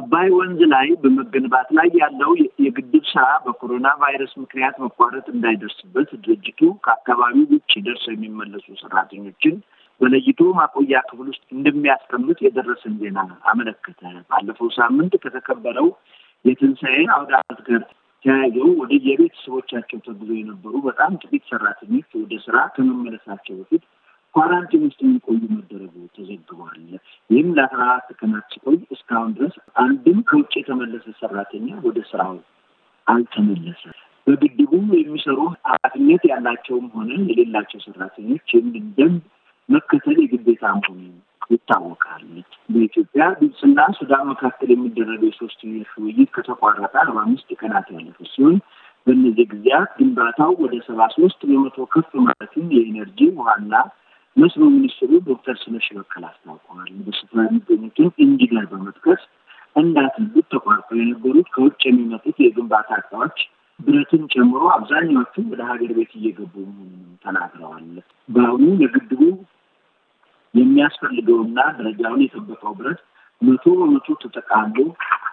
በአባይ ወንዝ ላይ በመገንባት ላይ ያለው የግድብ ስራ በኮሮና ቫይረስ ምክንያት መቋረጥ እንዳይደርስበት ድርጅቱ ከአካባቢው ውጭ ደርሰው የሚመለሱ ሰራተኞችን በለይቶ ማቆያ ክፍል ውስጥ እንደሚያስቀምጥ የደረሰን ዜና አመለከተ። ባለፈው ሳምንት ከተከበረው የትንሣኤ አውደ ዓመት ጋር ተያይዘው ወደ የቤተሰቦቻቸው ተጉዞ የነበሩ በጣም ጥቂት ሰራተኞች ወደ ስራ ከመመለሳቸው በፊት ኳራንቲን ውስጥ የሚቆዩ መደረጉ ተዘግቧል። ይህም ለአስራ አራት ቀናት ሲቆይ እስካሁን ድረስ አንድም ከውጭ የተመለሰ ሰራተኛ ወደ ስራው አልተመለሰ። በግድቡ የሚሰሩ ኃላፊነት ያላቸውም ሆነ የሌላቸው ሰራተኞች ይህንን ደንብ መከተል የግዴታ መሆኑ ይታወቃል። በኢትዮጵያ ግብጽና ሱዳን መካከል የሚደረገው የሶስትዮሽ ውይይት ከተቋረጠ አርባ አምስት ቀናት ያለፈ ሲሆን በእነዚህ ጊዜያት ግንባታው ወደ ሰባ ሶስት በመቶ ከፍ ማለትም የኤነርጂ ውሃና መስኖ ሚኒስትሩ ዶክተር ስለሺ በቀለ አስታውቀዋል። በስፍራ የሚገኙትን እንዲህ በመጥቀስ እንዳትሉት ተቋርጠው የነበሩት ከውጭ የሚመጡት የግንባታ እቃዎች ብረትን ጨምሮ አብዛኛዎቹ ወደ ሀገር ቤት እየገቡ መሆኑንም ተናግረዋል። በአሁኑ ለግድቡ የሚያስፈልገውና ደረጃውን የጠበቀው ብረት መቶ በመቶ ተጠቃሎ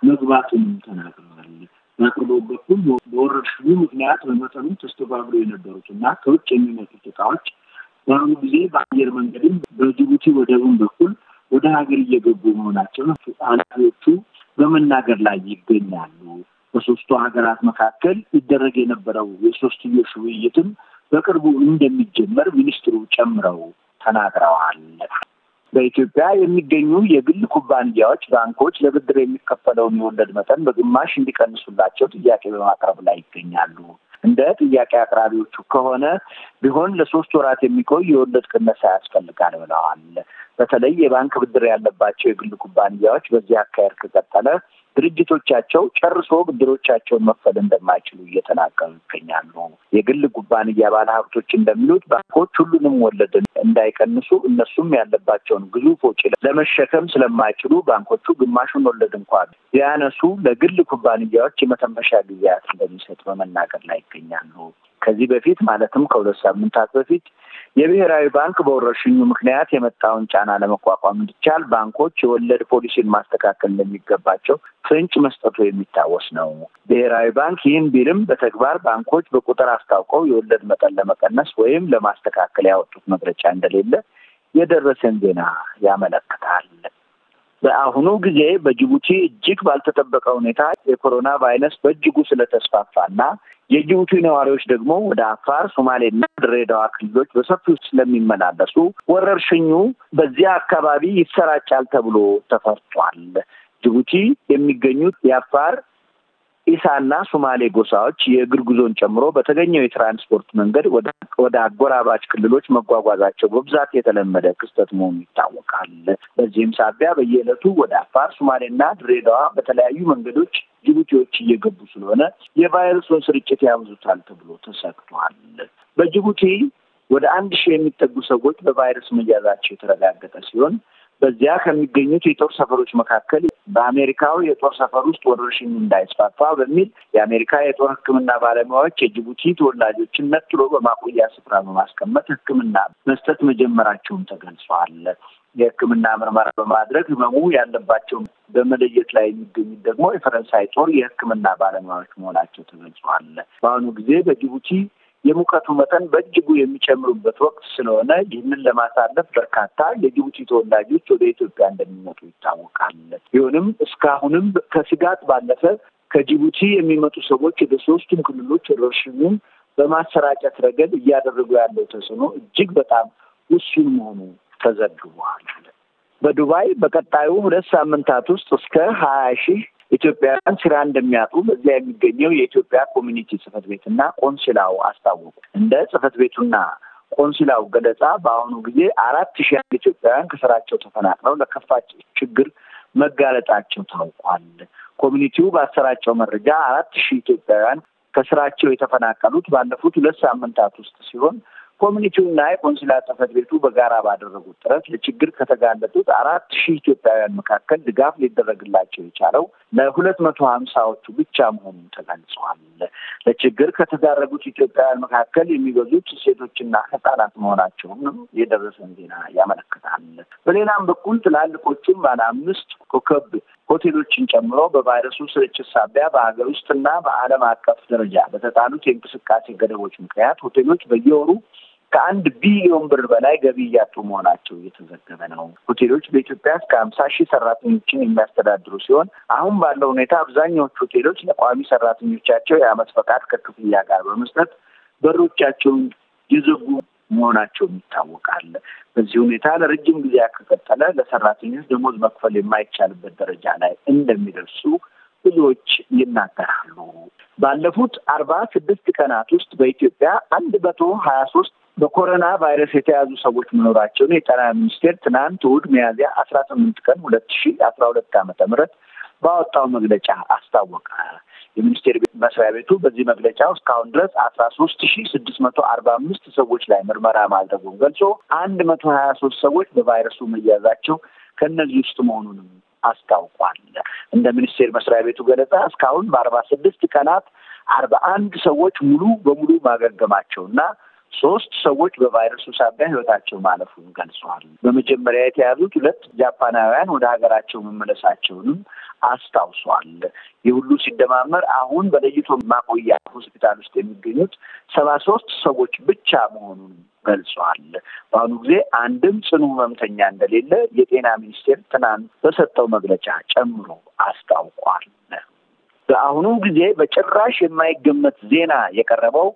መግባቱንም ተናግረዋል። በአቅርቦት በኩል በወረርሽኙ ምክንያት በመጠኑ ተስተጓጉሎ የነበሩትና ከውጭ የሚመጡት እቃዎች በአሁኑ ጊዜ በአየር መንገድም በጅቡቲ ወደቡን በኩል ወደ ሀገር እየገቡ መሆናቸው አላፊዎቹ በመናገር ላይ ይገኛሉ። በሶስቱ ሀገራት መካከል ይደረግ የነበረው የሶስትዮሽ ውይይትም በቅርቡ እንደሚጀመር ሚኒስትሩ ጨምረው ተናግረዋል። በኢትዮጵያ የሚገኙ የግል ኩባንያዎች ባንኮች ለብድር የሚከፈለውን የወለድ መጠን በግማሽ እንዲቀንሱላቸው ጥያቄ በማቅረብ ላይ ይገኛሉ። እንደ ጥያቄ አቅራቢዎቹ ከሆነ ቢሆን ለሶስት ወራት የሚቆይ የወለድ ቅነሳ ያስፈልጋል ብለዋል። በተለይ የባንክ ብድር ያለባቸው የግል ኩባንያዎች በዚህ አካሄድ ከቀጠለ ድርጅቶቻቸው ጨርሶ ብድሮቻቸውን መክፈል እንደማይችሉ እየተናገሩ ይገኛሉ። የግል ኩባንያ ባለሀብቶች እንደሚሉት ባንኮች ሁሉንም ወለድ እንዳይቀንሱ እነሱም ያለባቸውን ግዙፍ ወጪ ለመሸከም ስለማይችሉ ባንኮቹ ግማሹን ወለድ እንኳን ያነሱ ለግል ኩባንያዎች የመተንፈሻ ጊዜያት እንደሚሰጥ በመናገር ላይ ይገኛሉ። ከዚህ በፊት ማለትም ከሁለት ሳምንታት በፊት የብሔራዊ ባንክ በወረርሽኙ ምክንያት የመጣውን ጫና ለመቋቋም እንዲቻል ባንኮች የወለድ ፖሊሲን ማስተካከል እንደሚገባቸው ፍንጭ መስጠቱ የሚታወስ ነው። ብሔራዊ ባንክ ይህን ቢልም በተግባር ባንኮች በቁጥር አስታውቀው የወለድ መጠን ለመቀነስ ወይም ለማስተካከል ያወጡት መግለጫ እንደሌለ የደረሰን ዜና ያመለክታል። በአሁኑ ጊዜ በጅቡቲ እጅግ ባልተጠበቀ ሁኔታ የኮሮና ቫይረስ በእጅጉ ስለተስፋፋና የጅቡቲ ነዋሪዎች ደግሞ ወደ አፋር፣ ሶማሌና ድሬዳዋ ክልሎች በሰፊው ስለሚመላለሱ ወረርሽኙ በዚያ አካባቢ ይሰራጫል ተብሎ ተፈርቷል። ጅቡቲ የሚገኙት የአፋር ኢሳና ሱማሌ ጎሳዎች የእግር ጉዞን ጨምሮ በተገኘው የትራንስፖርት መንገድ ወደ አጎራባች ክልሎች መጓጓዛቸው በብዛት የተለመደ ክስተት መሆኑ ይታወቃል። በዚህም ሳቢያ በየዕለቱ ወደ አፋር፣ ሱማሌና ድሬዳዋ በተለያዩ መንገዶች ጅቡቲዎች እየገቡ ስለሆነ የቫይረሱን ስርጭት ያብዙታል ተብሎ ተሰግቷል። በጅቡቲ ወደ አንድ ሺህ የሚጠጉ ሰዎች በቫይረስ መያዛቸው የተረጋገጠ ሲሆን በዚያ ከሚገኙት የጦር ሰፈሮች መካከል በአሜሪካው የጦር ሰፈር ውስጥ ወረርሽኝ እንዳይስፋፋ በሚል የአሜሪካ የጦር ሕክምና ባለሙያዎች የጅቡቲ ተወላጆችን ነጥሎ በማቆያ ስፍራ በማስቀመጥ ሕክምና መስጠት መጀመራቸውን ተገልጿል። የሕክምና ምርመራ በማድረግ ህመሙ ያለባቸው በመለየት ላይ የሚገኙት ደግሞ የፈረንሳይ ጦር የሕክምና ባለሙያዎች መሆናቸው ተገልጿል። በአሁኑ ጊዜ በጅቡቲ የሙቀቱ መጠን በእጅጉ የሚጨምሩበት ወቅት ስለሆነ ይህንን ለማሳለፍ በርካታ የጅቡቲ ተወላጆች ወደ ኢትዮጵያ እንደሚመጡ ይታወቃል። ቢሆንም እስካሁንም ከስጋት ባለፈ ከጅቡቲ የሚመጡ ሰዎች ወደ ሶስቱም ክልሎች ወረርሽኙን በማሰራጨት ረገድ እያደረጉ ያለው ተጽዕኖ እጅግ በጣም ውሱን መሆኑ ተዘግቧል። በዱባይ በቀጣዩ ሁለት ሳምንታት ውስጥ እስከ ሀያ ሺህ ኢትዮጵያውያን ስራ እንደሚያጡ እዚያ የሚገኘው የኢትዮጵያ ኮሚኒቲ ጽህፈት ቤትና ቆንስላው አስታወቁ። እንደ ጽህፈት ቤቱና ቆንስላው ገለጻ በአሁኑ ጊዜ አራት ሺህ ያህል ኢትዮጵያውያን ከስራቸው ተፈናቅለው ለከፋ ችግር መጋለጣቸው ታውቋል። ኮሚኒቲው ባሰራጨው መረጃ አራት ሺህ ኢትዮጵያውያን ከስራቸው የተፈናቀሉት ባለፉት ሁለት ሳምንታት ውስጥ ሲሆን ኮሚኒቲውና የቆንስላ ጽህፈት ቤቱ በጋራ ባደረጉት ጥረት ለችግር ከተጋለጡት አራት ሺህ ኢትዮጵያውያን መካከል ድጋፍ ሊደረግላቸው የቻለው ለሁለት መቶ ሀምሳዎቹ ብቻ መሆኑን ተገልጸዋል። ለችግር ከተዳረጉት ኢትዮጵያውያን መካከል የሚበዙት ሴቶችና ሕጻናት መሆናቸውንም የደረሰን ዜና ያመለክታል። በሌላም በኩል ትላልቆቹም ባለ አምስት ኮከብ ሆቴሎችን ጨምሮ በቫይረሱ ስርጭት ሳቢያ በሀገር ውስጥና በዓለም አቀፍ ደረጃ በተጣሉት የእንቅስቃሴ ገደቦች ምክንያት ሆቴሎች በየወሩ ከአንድ ቢሊዮን ብር በላይ ገቢ እያጡ መሆናቸው እየተዘገበ ነው። ሆቴሎች በኢትዮጵያ እስከ ሀምሳ ሺህ ሰራተኞችን የሚያስተዳድሩ ሲሆን አሁን ባለው ሁኔታ አብዛኛዎቹ ሆቴሎች ለቋሚ ሰራተኞቻቸው የአመት ፈቃድ ከክፍያ ጋር በመስጠት በሮቻቸውን የዘጉ መሆናቸውም ይታወቃል። በዚህ ሁኔታ ለረጅም ጊዜ ከቀጠለ ለሰራተኞች ደሞዝ መክፈል የማይቻልበት ደረጃ ላይ እንደሚደርሱ ብዙዎች ይናገራሉ። ባለፉት አርባ ስድስት ቀናት ውስጥ በኢትዮጵያ አንድ መቶ ሀያ ሶስት በኮሮና ቫይረስ የተያዙ ሰዎች መኖራቸውን የጤና ሚኒስቴር ትናንት እሁድ ሚያዝያ አስራ ስምንት ቀን ሁለት ሺ አስራ ሁለት ዓመተ ምህረት ባወጣው መግለጫ አስታወቀ። የሚኒስቴር መስሪያ ቤቱ በዚህ መግለጫ እስካሁን ድረስ አስራ ሶስት ሺ ስድስት መቶ አርባ አምስት ሰዎች ላይ ምርመራ ማድረጉን ገልጾ አንድ መቶ ሀያ ሶስት ሰዎች በቫይረሱ መያዛቸው ከእነዚህ ውስጥ መሆኑንም አስታውቋል። እንደ ሚኒስቴር መስሪያ ቤቱ ገለጻ እስካሁን በአርባ ስድስት ቀናት አርባ አንድ ሰዎች ሙሉ በሙሉ ማገገማቸውና ሶስት ሰዎች በቫይረሱ ሳቢያ ህይወታቸው ማለፉን ገልጸዋል። በመጀመሪያ የተያዙት ሁለት ጃፓናውያን ወደ ሀገራቸው መመለሳቸውንም አስታውሷል። ይህ ሁሉ ሲደማመር አሁን በለይቶ ማቆያ ሆስፒታል ውስጥ የሚገኙት ሰባ ሶስት ሰዎች ብቻ መሆኑን ገልጿል። በአሁኑ ጊዜ አንድም ጽኑ ህመምተኛ እንደሌለ የጤና ሚኒስቴር ትናንት በሰጠው መግለጫ ጨምሮ አስታውቋል። በአሁኑ ጊዜ በጭራሽ የማይገመት ዜና የቀረበው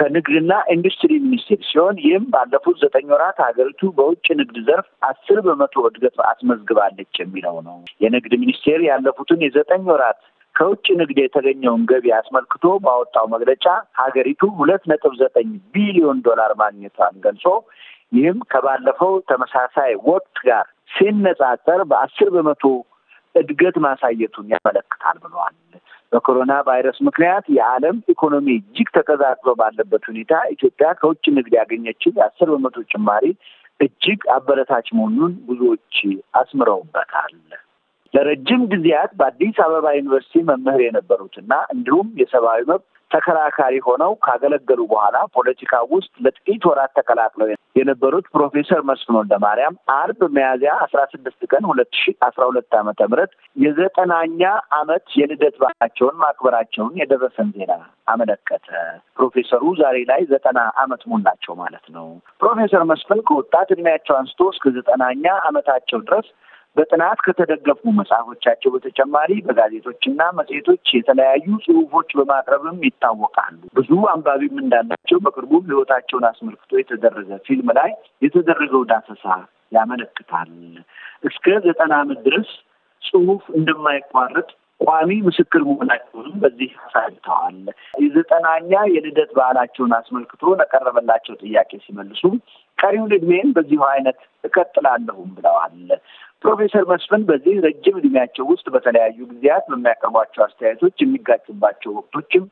ከንግድና ኢንዱስትሪ ሚኒስቴር ሲሆን ይህም ባለፉት ዘጠኝ ወራት ሀገሪቱ በውጭ ንግድ ዘርፍ አስር በመቶ እድገት አስመዝግባለች የሚለው ነው። የንግድ ሚኒስቴር ያለፉትን የዘጠኝ ወራት ከውጭ ንግድ የተገኘውን ገቢ አስመልክቶ ባወጣው መግለጫ ሀገሪቱ ሁለት ነጥብ ዘጠኝ ቢሊዮን ዶላር ማግኘቷን ገልጾ ይህም ከባለፈው ተመሳሳይ ወቅት ጋር ሲነጻጸር በአስር በመቶ እድገት ማሳየቱን ያመለክታል ብለዋል። በኮሮና ቫይረስ ምክንያት የዓለም ኢኮኖሚ እጅግ ተቀዛቅሎ ባለበት ሁኔታ ኢትዮጵያ ከውጭ ንግድ ያገኘችው የአስር በመቶ ጭማሪ እጅግ አበረታች መሆኑን ብዙዎች አስምረውበታል። ለረጅም ጊዜያት በአዲስ አበባ ዩኒቨርሲቲ መምህር የነበሩትና እንዲሁም የሰብአዊ መብት ተከራካሪ ሆነው ካገለገሉ በኋላ ፖለቲካ ውስጥ ለጥቂት ወራት ተቀላቅለው የነበሩት ፕሮፌሰር መስፍን ወልደማርያም አርብ ሚያዝያ አስራ ስድስት ቀን ሁለት ሺ አስራ ሁለት ዓመተ ምህረት የዘጠናኛ አመት የልደት በዓላቸውን ማክበራቸውን የደረሰን ዜና አመለከተ። ፕሮፌሰሩ ዛሬ ላይ ዘጠና አመት ሙላቸው ማለት ነው። ፕሮፌሰር መስፍን ከወጣት እድሜያቸው አንስቶ እስከ ዘጠናኛ አመታቸው ድረስ በጥናት ከተደገፉ መጽሐፎቻቸው በተጨማሪ በጋዜጦችና መጽሔቶች የተለያዩ ጽሁፎች በማቅረብም ይታወቃሉ። ብዙ አንባቢም እንዳላቸው በቅርቡም ህይወታቸውን አስመልክቶ የተደረገ ፊልም ላይ የተደረገው ዳሰሳ ያመለክታል። እስከ ዘጠና ዓመት ድረስ ጽሁፍ እንደማይቋረጥ ቋሚ ምስክር መሆናቸውንም በዚህ አሳይተዋል። የዘጠናኛ የልደት በዓላቸውን አስመልክቶ ለቀረበላቸው ጥያቄ ሲመልሱ ቀሪውን እድሜን በዚሁ አይነት እቀጥላለሁም ብለዋል። ፕሮፌሰር መስፍን በዚህ ረጅም እድሜያቸው ውስጥ በተለያዩ ጊዜያት በሚያቀርቧቸው አስተያየቶች የሚጋጭባቸው ወቅቶችም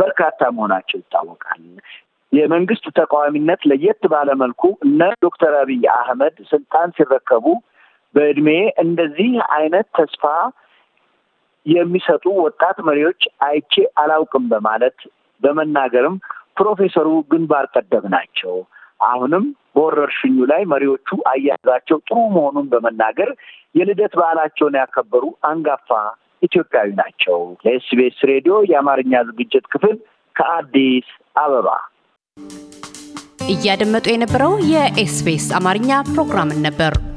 በርካታ መሆናቸው ይታወቃል። የመንግስት ተቃዋሚነት ለየት ባለ መልኩ እነ ዶክተር አብይ አህመድ ስልጣን ሲረከቡ በእድሜ እንደዚህ አይነት ተስፋ የሚሰጡ ወጣት መሪዎች አይቼ አላውቅም በማለት በመናገርም ፕሮፌሰሩ ግንባር ቀደም ናቸው። አሁንም በወረርሽኙ ላይ መሪዎቹ አያያዛቸው ጥሩ መሆኑን በመናገር የልደት በዓላቸውን ያከበሩ አንጋፋ ኢትዮጵያዊ ናቸው። ለኤስቢኤስ ሬዲዮ የአማርኛ ዝግጅት ክፍል ከአዲስ አበባ እያደመጡ የነበረው የኤስቢኤስ አማርኛ ፕሮግራምን ነበር።